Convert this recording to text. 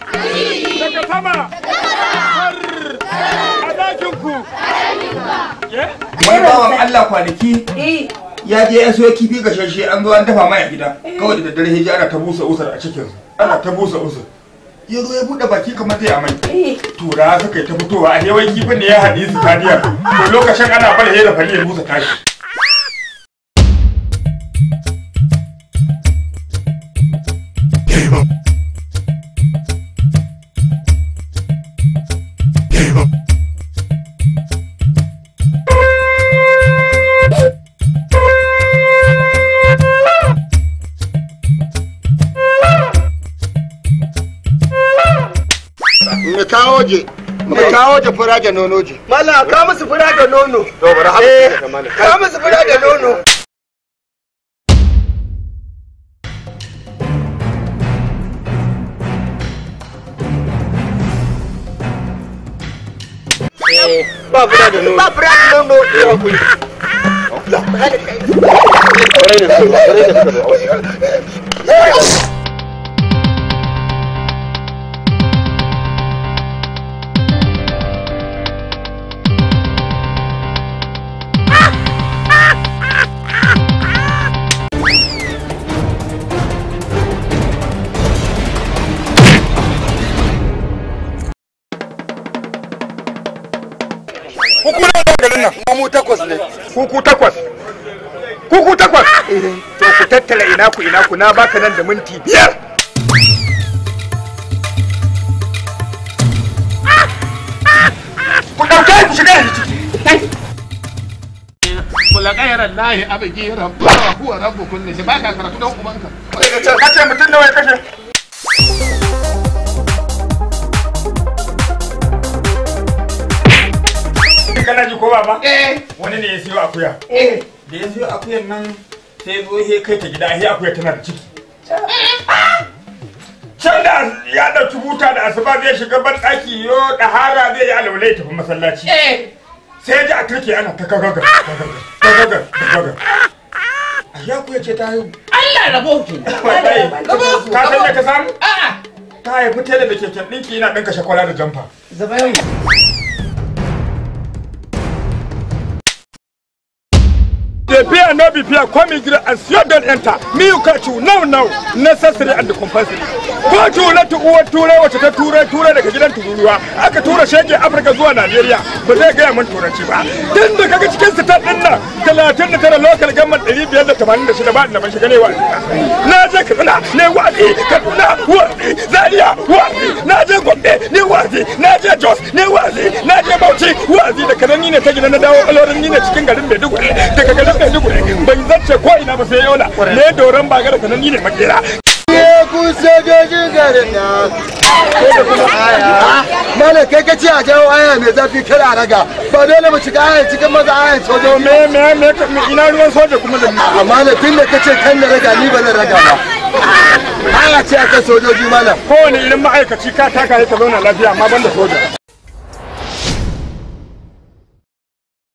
daga sama a dakinku wani bawan Allah kwanaki eh. ya je ya soya kifi gashashe an zo an dafa mai a gida eh. kawai da daddare hijji ana ta busa usar a cikin ana ta busa usar ya zo ya buɗe baki kamar zai amai eh. tura suka yi ta fitowa a yawan kifin ne ya haɗe su taniya to lokacin ana bar hera fari ya busa tashi Game Me kawo je. Me kawo je fura da nono je. Mala ka musu fura da nono. To bari mala. Ka musu fura da nono. Ba fura da nono. Ba fura da nono. nono. Ba fura da Ba fura da su. garin nan mu takwas ne ku takwas kuku takwas ah! to ku tattala ina ku ina ku na baka nan da minti biyar ku dauke ku shiga yanzu kula kairan lahi abigiran ba huwa Rabu kullu shi baka karatu dan ubanka kai ka ce mutum nawa ya kashe kana ji ko ma eh wani ne ya siyo akuya eh da ya siyo akuyan nan sai zo he kai ta gida he akuya tana da ciki can da ya ɗauki buta da asuba zai shiga ban ɗaki yo ɗahara zai yi alwalai tafi masallaci eh. sai ji a turke ana ta kagagar kagagar kagagar a ya kuya ce ta haihu Allah rabo ki rabo ka san da ka samu a'a ta haifi tele da keken ɗinki yana kashe shakwara da jamfa zabayo The beer no be beer come here as you don't enter. Me you catch you now now necessary and compulsory. ta uwar turai wacce ta to turai aka to shege Afirka zuwa Najeriya ba gaya mun turanci ba. Tun da kaga cikin su ta din nan 39 da ban shiga ne Na je Katsina ne wa'azi Kaduna wa'azi Zaria wa'azi na je Gombe ne wa'azi na je Jos ne wa'azi na je Bauchi wa'azi da kanan ne ta gida na dawo alorin ne cikin garin Maiduguri daga maiduguri bai zarce ko ina ba sai yola ne doron bagara sanan ni ne makera ku sojojin garin na mana kai ka ce a jawo aya mai zafi kada a raga ba dole mu shiga aya cikin maza aya sojo me me me ina ruwan soja kuma da amma ne tun da kace kan na raga ni ba na raga ba Ana ce akan sojoji mana. Kowane irin ma'aikaci ka taka ya ka zauna lafiya amma banda soja.